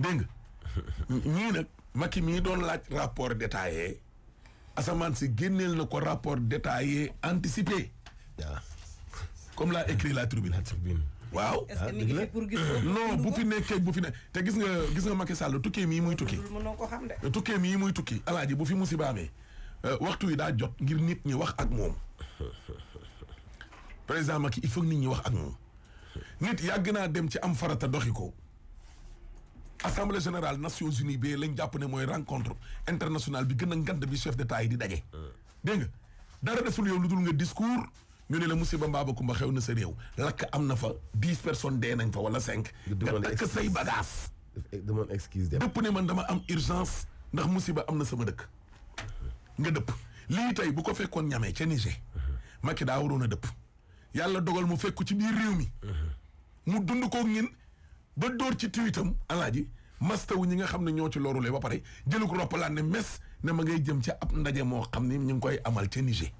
dégg nga ñii nag Macky mii doon laaj rapport détaillé asamaan si génneel na ko rapport détaillé anticipé. waaw. Ah. comme l'a écrit la tribune. la tribune waaw. est-ce que ah, mi ngi fi pour gis non bu fi nekkee bu fi ne te gis nga gis nga Macky Sall tukkee mii muy tukki. mënoo ko xam de. tukkee mii muy tukki alaaj bu fi musiba amee euh, waxtu wi daal jot ngir nit ñi wax ak moom président Macky il faut nit ñi wax ak moom nit yàgg naa dem ci am farata doxi ko. assemblée générale Nations Unies bi lañ jàpp ne mooy rencontre internationale bi gën a ngand bi chef d'état yi di daje. Ah. dégg dara deful yow lu dul nga discours ñu ne la musiba mbaaba kumba xew na sa réew lakk am na fa dix personnes de nañ fa wala cinq. nga takk say bagages. demoon excuse dem dëpp ne man dama am urgence ndax musiba am na sama dëkk. nga dëpp lii tey bu ko fekkoon ñamee ca Niger. Uh-huh. Macky daa waroon a dëpp. yàlla dogal mu fekku ci biir réew mi. Uh-huh. mu dund koog ba door ci tuitam alaaji mastawu ñi nga xam ne ñoo ci lorule ba pare jëlu ko roppalaan ne mes ne ma ngay jëm ci ab ndaje moo xam ni ñu ngi koy amal ca Niger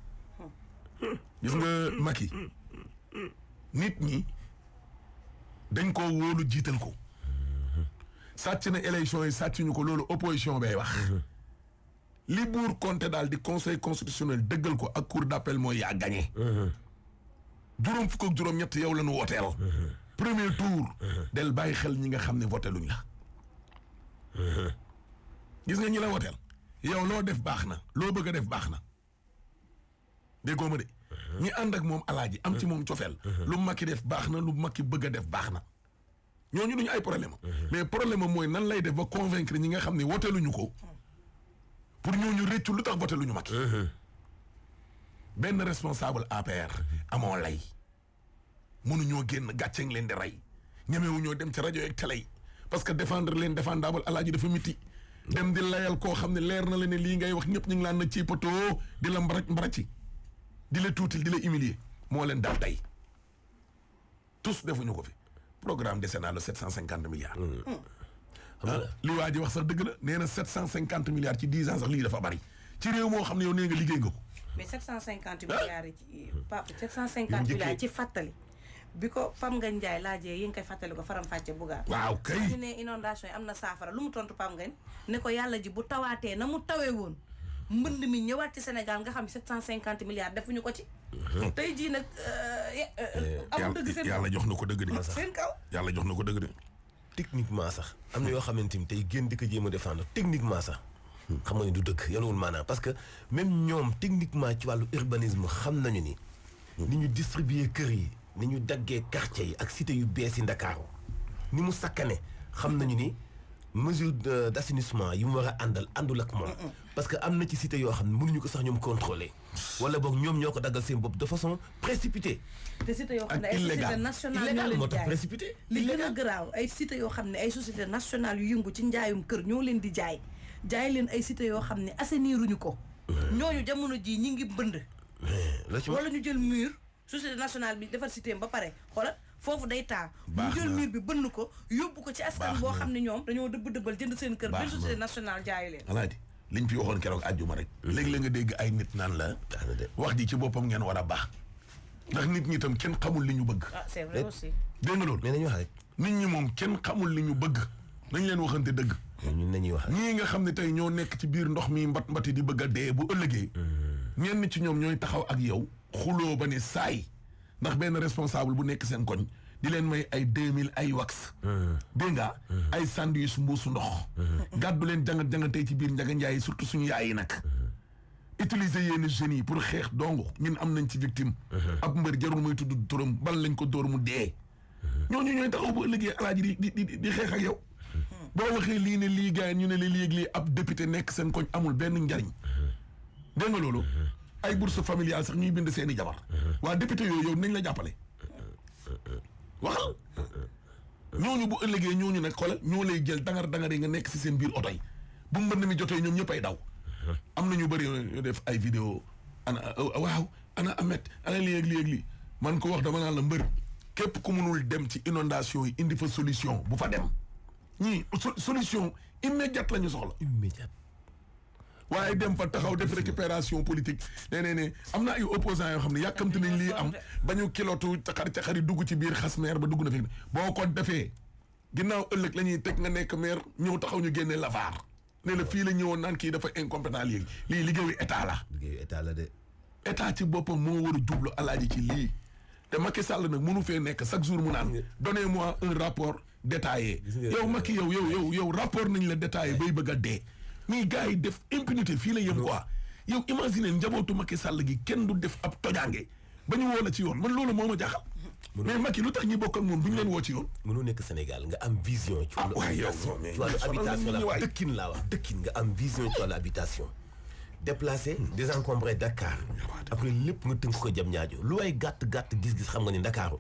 gis nga Macky nit ñi dañ ko wóolu jiital ko sàcc na élection yi sàcc ñu ko loolu opposition bay wax li buur compté daal di conseil constitutionnel dëggal ko ak cour d'appel mooy yaa gagné juróom fukk ak juróom ñett yow la ñu wooteel premier tour. Uh-huh. del bàyyi xel ñi nga xam ne voté luñ la. Uh-huh. gis nga ñi la woteel yow loo def baax na loo bëgg a def baax na déggoo ma de. Uh-huh. ñi ànd ak moom alaaji am ci moom cofeel lu makki def baax na lu makki bëgg a def baax na ñoo ñooñu duñu ay problème mais problème mooy nan lay def ba convaincre ñi nga xam ne woteeluñu ko pour ñu rëccu lu tax voteeluñu makki benn responsable APR amoo lay mënuñoo génn gàcce ngi leen di rey ñemewuñoo dem ci rajo yeeg télé yi parce que défendre leen défendable alaaji dafa miti dem di layal koo xam ne leer na la ne lii ngay wax ñëpp ñu ngi laan na ci poto di la mbaraj mbaraci di la tuutil di la humilier moo leen daal tey tous defuñu ko fi programme décennal le sept cent hmm. Hmm. Ah, wax sax dëgg la nee ci dix ans sax lii dafa bari ci réew moo xam ne yow nee nga liggéey nga ko mais sept cent cinquante milliards yi ci ah. Pape sept ci fàttali bi ko Pam Ngagne Ndiaye laajee yi nga koy fàttali faram fàcce bugaar waaw kay ñu ne inondation yi am na saafara lu mu tontu Pam Ngagne ne ko yàlla ji bu tawaatee na mu tawee woon mbënd mi ñëwaat ci Sénégal nga xam 750 milliards defuñu ko ci uh-huh. tey jii nag euh, euh, eh, amul dëgg seen yàlla jox na ko dëgg de seen kaw yàlla jox na ko dëgg de techniquement sax am na yoo xamante ni tey génn di ko jéem a défendre techniquement sax hmm. xam nga ñu du dëkk yanuwul maanaam parce que même ñoom techniquement ci wàllu urbanisme xam nañu ni hmm. ni ñu distribuer kër yi ni ñu daggee quartier yi ak cité yu bees yi Ndakaaru ni mu sakkane xam nañu ni mesure d' assainissement yi mu war a àndal àndul ak moom. parce que am na ci cité yoo xam ne mënuñu ko sax ñoom contrôler wala boog ñoom ñoo ko daggal seen bopp de façon précipitée. te cité yoo xam ne ay société nationale illégal moo tax précipité. li gën a garaaw yoo xam ne ay société nationale yu yëngu ci njaayum kër ñoo leen di jaay jaay leen ay site yoo xam ne assainiruñu ko. ñooñu jamono jii ñi ngi bënd. wala ñu jël mur. société nationale bi defar système ba pare xoolal foofu day taa baax jël miir bi bënn ko yóbbu ko ci askan boo xam ne ñoom dañoo dëbb dëbbal jënd seen kër benn société nationale jaayi leen alaaji liñ fi waxoon keroog àjjuma rek léegi la nga dégg ay nit naan la wax ji ci boppam ngeen war a baax ndax nit ñi tam kenn xamul li ñu bëgg ah c'est vrai eh, nañu wax rek nit ñi moom kenn xamul li ñu bëgg nañ leen waxante dëgg ñun nañuy wax ñii nga xam ne tey ñoo nekk ci biir ndox mi mbat mbati di bëgg a dee bu ëllëgee hmm. ñenn ci ñoom ñooy taxaw ak yow xuloo ba ne saay ndax benn responsable bu nekk seen koñ di leen may ay deux mille ay wax mmh. dégg nga mmh. ay sandwich mbuusu ndox mmh. gàddu leen jangat jangatee ci biir njaga njaay surtout suñu yaay yi nag utiliser yenn jeunes yi pour xeex dong ñun am nañ ci victime ab mbër jarul mooy tudd turam bal lañ ko dóor mu dee ñooñu ñooy taxaw ba ëllëgee alaaji di di di xeex ak yow boo waxee lii ne lii gars ñu ne li lii lii ab député nekk seen koñ amul benn njariñ dégg loolu ay bourse familiale sax ñuy bind seeni i jabar. waa député yooyu yow nañ la jàppale. waxal. ñooñu bu ëllëgee ñooñu nag xoolal ñoo lay jël dangar dangar yi nga nekk si seen biir oto yi bu mbënd mi jotee ñoom ñëpp ay daw. am na ñu bëri ñu def ay vidéo ana waaw ana amet ana lii ak lii ak man ko wax dama naan la mbër képp ku mënul dem ci inondation yi indi fa solution bu fa dem ñii solution immédiate la ñu soxla. immédiate. waaye dem fa taxaw def récupération politique nee nee ne am na ay opposants yoo xam ne yàkkamte nañ lii am ba ñu kilotu caxar caxari dugg ci biir xas maire ba dugg na fi boo ko defee ginnaaw ëllëg la ñuy teg nga nekk maire ñëw taxaw ñu génne lavaar ne la fii la ñëwoon naan kii dafa incompétent léegi lii liggéeyu état la. liggéeyu état la de. état ci boppam moo war a jublu alaaji ci lii te Macky Sall nag mënu fee nekk chaque jour mu naan donnez-moi un rapport détaillé yow Macky yow yow yow yow rapport nañ la détaillé bay bëgg dee. mais gars yi def impunité fii la yem quoi yow imagine njabootu Macky sàll gi kenn du def ab tojaange ba ñu woo la ci yoon man loolu moom ma jaaxal. mais Macky lu tax ñi bokk ak moom bu ñu leen woo ci yoon. mënoo nekk Sénégal nga am vision. ci ah, wàllu habitation la dëkkin laa wax dëkkin nga am vision ci wàllu habitation. déplacé hmm. désencombré Dakar. Ah, après lépp nga tënk ko jam ñaajo lu way gàtt gàtt gis-gis xam nga ni ndakaaru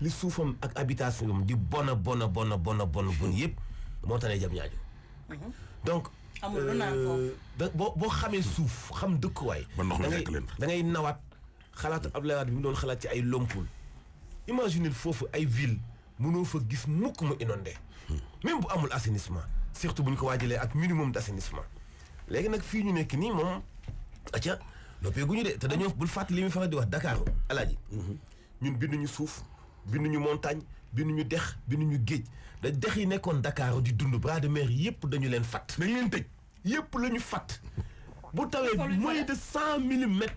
li suufam ak habitation di bona bona bona bona bon bon yëpp moo tax ne jam ñaajo hmm. amul lu naan foofu euh, boo boo xamee suuf xam dëkkuwaay. ba ndox mi fekk leen da ngay nawaat xalaatu Abdoulaye Wade bi mu doon xalaat ci ay lompul. imagine foofu ay ville mënoo fa gis mukk mu inondé. même bu amul assainissement. surtout bu ñu ko waajalee ak minimum d' assainissement. léegi nag fii ñu nekk nii moom. acca noppee gu ñu de te dañoo bul fàttali li muy faral di wax Dakar alaaji ñun binduñu suuf binduñu montagne binduñu dex binduñu géej da dex yi nekkoon Dakar di dund bras de mer yëpp dañu leen fat dañu leen tëj. yëpp la ñu fàtt bu tawee moins de cent millimètres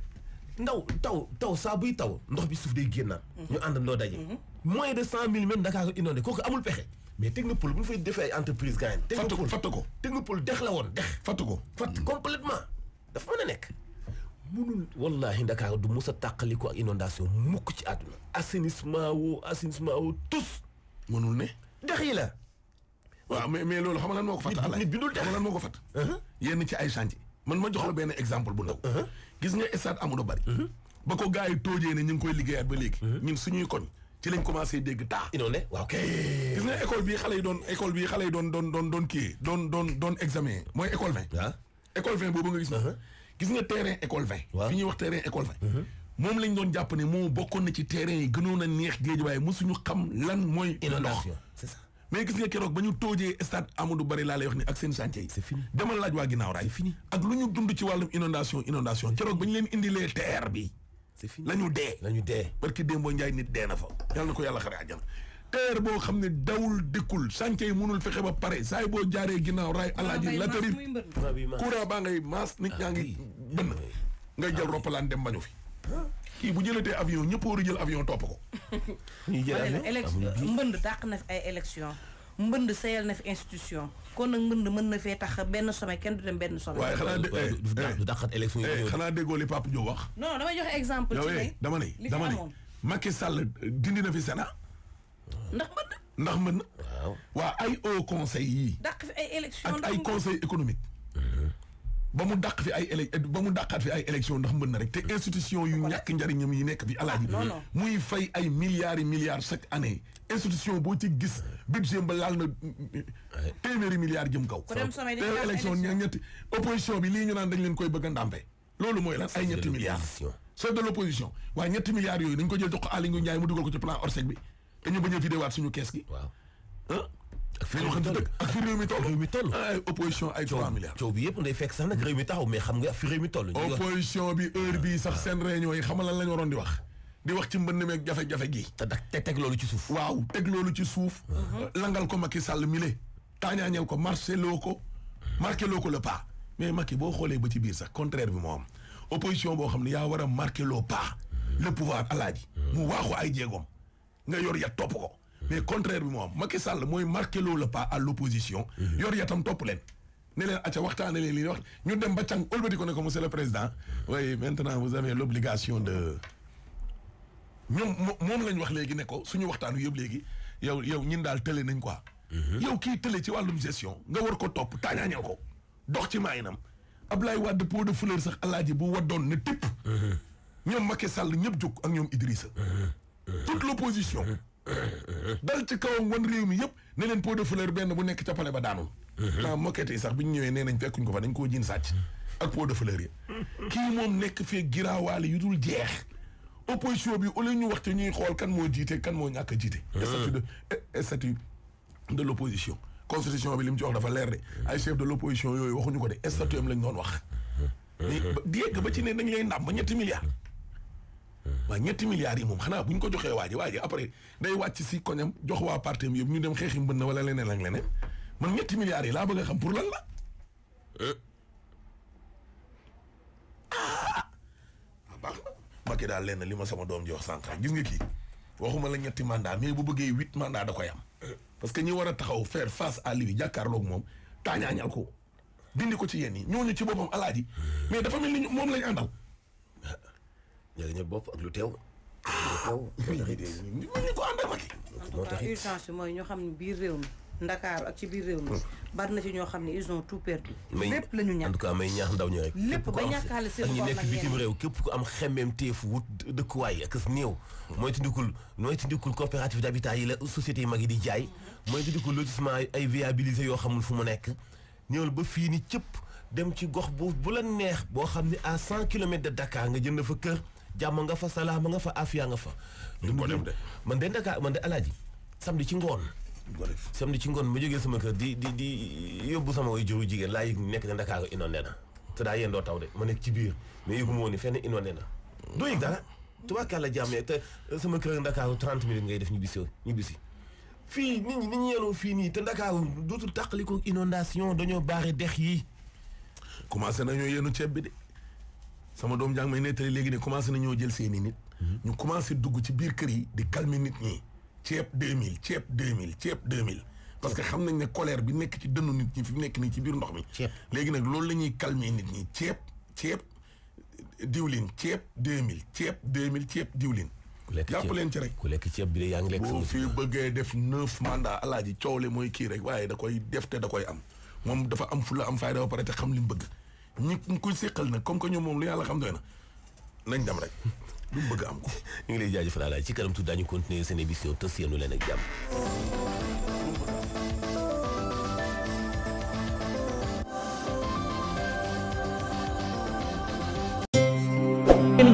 ndaw taw taw saa buy taw ndox bi suuf day génnaat. Mhm. ñu àndandoo daje. Mhm. moins de cent millimètres Dakar ko inondé amul pexe. mais technopole bu ñu fay defee ay entreprise gaañ. technopole fatt ko technopole dex la woon dex. fatt ko fatt mhm. complètement dafa mën a nekk. munul wallahi Dakar du mus a tàqali ko ak inondation mukk ci àdduna assainissement woo assainissement woo tous. mënul ne dex yi la. waaw mais mais loolu xam nga lan moo ko fàtt alaay nit bindul te xam uh-huh. yenn ci ay chantier man ma jox la benn exemple bu ndaw uh-huh. gis nga stade Amadou Barry uh-huh. ba ko gars yi toojee ne ñu ngi koy liggéeyaat ba léegi ñun suñuy koñ ci lañ commencé dégg taa inondé waaw kay nga école bii xale yi doon école bii xale yi doon doon doon doon kii doon doon doon examen mooy école vingt waaw ah. école vingt boobu nga gis na gis nga terrain école vingt waaw fi ñuy wax terrain école vingt moom lañ doon jàpp ne moom bokkoon na ci terrain yi gënoon a neex géej waaye ñu xam lan mooy inondation c'est ça mais gis nga keroog ba ñu toojee stade Amadou Barry laa lay wax ni ak seen chantier yi. c'est fini demal laaj waa ginnaaw raay. ak lu ñu dund ci wàllum inondation inondation keroog ba ñu leen indilee terre bi. c'est la ñu dee. la ñu dee parce que Demba Ndiaye nit dee na fa. yàlla na ko yàlla xare àjjana. terre boo xam ne dawul dikkul chantier yi mënul fexe ba pare saa boo jaaree ginnaaw raay. alaaji latari courant baa ngay maas nit ñaa ngi ah, bënn. nga jël ah, roppalaan dem bañu fi. Ah. kii bu jëlatee avion ñëpp war a jël avion topp ko. ñuy jël avion mbënd na fi ay élection mbënd sayal na fi institution. kon nag mbënd mën na fee tax benn sommet kenn du dem benn sommet. waaye xanaa de eh, eh, xanaa déggoo li Pape Diop wax. non damay joxe exemple. ci ne eh, dama ne dama ne Macky Sall dindi na fi sena ndax mbënd. ndax mbënd. waaw waa ay haut conseil yii. dàq fi ay élection ak ay conseil économique. ba mu dàq fi ay élec ba mu dàqaat fi ay élection ndax mën rek te mm. institution yu ñàkk njariñam yi nekk fi ah, alaaji muy fay ay milliards yi milliards chaque année institution boo ci gis budget ba laal na téeméeri milliards jëm kaw te élection ñetti opposition bi lii ñu naan dañ leen koy bëgg a ndàmpe loolu mooy lan ay ñetti milliards chef de l' opposition waaye ñetti milliards yooyu dañ ko jël jox ko Aly Ngouille mu dugal ko ci plan Orsec bi te ñu bañ a vidéwaat suñu kees gi ak fi réew mi toll réew mi ah, opposition ay trois milliards bi yëpp nday fekk sax nag réew mi taxaw mais xam nga fi réew mi toll opposition bi heure bi sax seen réunion yi xamal lan lañ waroon di wax di wax ci mbënd meeg jafe-jafe gi te dak teg loolu ci suuf waaw teg loolu ci suuf ah. uh-huh. langal ko Macky Sall mi le taañaañel ko marché loo ko marqué ko le pas mais Macky boo xoolee ba ci biir sax contraire bi moo am opposition boo xam ne yaa war a marqué loo pas le pouvoir alaaji ah. mu waaxu ay jéegoom nga yor ya topp ko mais contraire bi moo am Macky Sall mooy marqué loolu la pas à l'opposition mhm. yor yatam topp leen ne leen acca waxtaane leen li wax ñu dem ba càng ëlbati ko ne ko monsieur le président waaye maintenant vous avez l'obligation de ñoom moom lañ wax léegi ne ko suñu waxtaanu yëpp léegi yow yow ñin daal tële nañ quoi mhm. yow kii tële ci wàllum gestion nga war ko topp taañaañoo ko dox ci maayinam Ablaye Wade pot de fleur sax alaaji bu waddoon ne tipp mhm. ñoom Macky Sall ñëpp jóg ak ñoom Idrissa toute l'opposition dal ci kawam wan réew mi yëpp ne leen pot de fleur benn bu nekk ca pale ba daanul maa moquette yi sax bu ñu ñëwee nee nañ fekkuñ ko fa dañ koo jiin sàcc ak pot de fleur yi kii moom nekk fee giraawaale yu dul jeex opposition bi au lieu wax waxte ñuy xool kan moo jiite kan moo ñàkk a jiite statut de eh, statut de l' constitution bi li mu ci wax dafa leer de ay chef de l' opposition yooyu waxuñu ko de statut am lañ doon wax di yegg ba ci ne dañ lay ndam ba ñetti milliards waaw ñetti milliards yi moom xanaa bu ñu ko joxee waa ji waa ji après day wàcc si koñam jox waa parti yëpp ñu dem xeexi mbën na wala leneen ak leneen man ñetti milliards yi laa bëgg a xam ah, daal lenn li ma sama doom ji wax sànq gis nga kii waxuma la ñetti mandat mais bu bëggee huit mandat da koy am. parce que ñi war a taxaw faire face àll lui jàkkaarloog moom taañaañal ko dindi ko ci yenn yi ñooñu ci boppam alaaji mais dafa mel ni moom lañ àndal. ñoo ñëpp bopp ak lu teew. Ah, lu teew ñu ko ànd ak Macky. moo tax urgence bi mooy ñoo xam ne biir réew mi. Ndakaaru ak ci biir réew hmm. na ci ñoo xam ne ils ont tout perdu. la ñu ñàkk en tout cas may ñaax ndaw ñi lépp ba ñàkkaale seen bopp ak ñi nekk bitim réew képp ku am xemmeem teef wut dëkkuwaay ak as néew. Hmm. mooy tindikul mooy tindikul coopérative d'habitat yi la sociétés yi mag yi di jaay. Hmm. mooy tindikul lotissement ay viabilisé yoo xamul fu mu nekk. ñëwal ba fii ni cëpp dem ci gox bu bu la neex boo xam ne à cent kilomètres de Dakar nga jën fa kër jàmm nga fa salaama nga fa afiya nga fa. duñ ko def de man de Dakar man de alaaji samedi ci ngoon. samedi ci ngoon ma jógee sama kër di di di yóbbu sama way juru jigéen laa yëg nekk na Dakar inondé na te daa yéen taw de ma nekk ci biir mais yëgu ma woon ni fenn inondé na. doo yëg dara tubaarkàlla jàmmee te sama kër Dakar 30 minutes ngay def ñu bisi ñu bisi fii nit ñi nit ñi yenoo fii nii te ndakaaru dootul tàqalikoo inondation dañoo baare dex yi commencé nañoo yenu ceeb bi de sama doom jàng may nettali léegi ne commencé nañoo jël seeni nit. ñu commencé dugg ci biir kër yi di calmer nit ñi. ceeb 2000 ceeb 2000 ceeb 2000. parce que xam nañ ne colère bi nekk ci dënnu nit ñi fi mu nekk nii ci biir ndox mi. ceeb léegi nag loolu la ñuy calmer nit ñi ceeb ceeb diwlin ceeb 2000 ceeb 2000 ceeb diwlin. ku lekk ceeb jàpp leen ci rek. ku lekk ceeb bi de yaa ngi lekk. boo fi bëggee def neuf mandat alaaji coow le mooy kii rek waaye da koy def te da koy am moom dafa am fu la am fayda ba pare te xam li mu bëgg. ñi kuñ séqal nag comme que ñoom moom lu yàlla xam doy na nañ dem rek lu bëgg am ko. ñu ngi lay jaajëfal alaay ci kanam tuuti daañu continuer seen émission tës yéenu leen ak jàmm.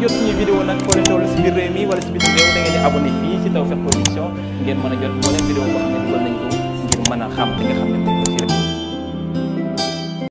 jot suñu vidéo nag foo leen toll si biir réew mi wala si biir réew da ngeen di abonné fii si Tawfekh Production ngeen mën a jot moo leen vidéo boo xam ne dugal nañ ko ngir mën a xam li nga xam ne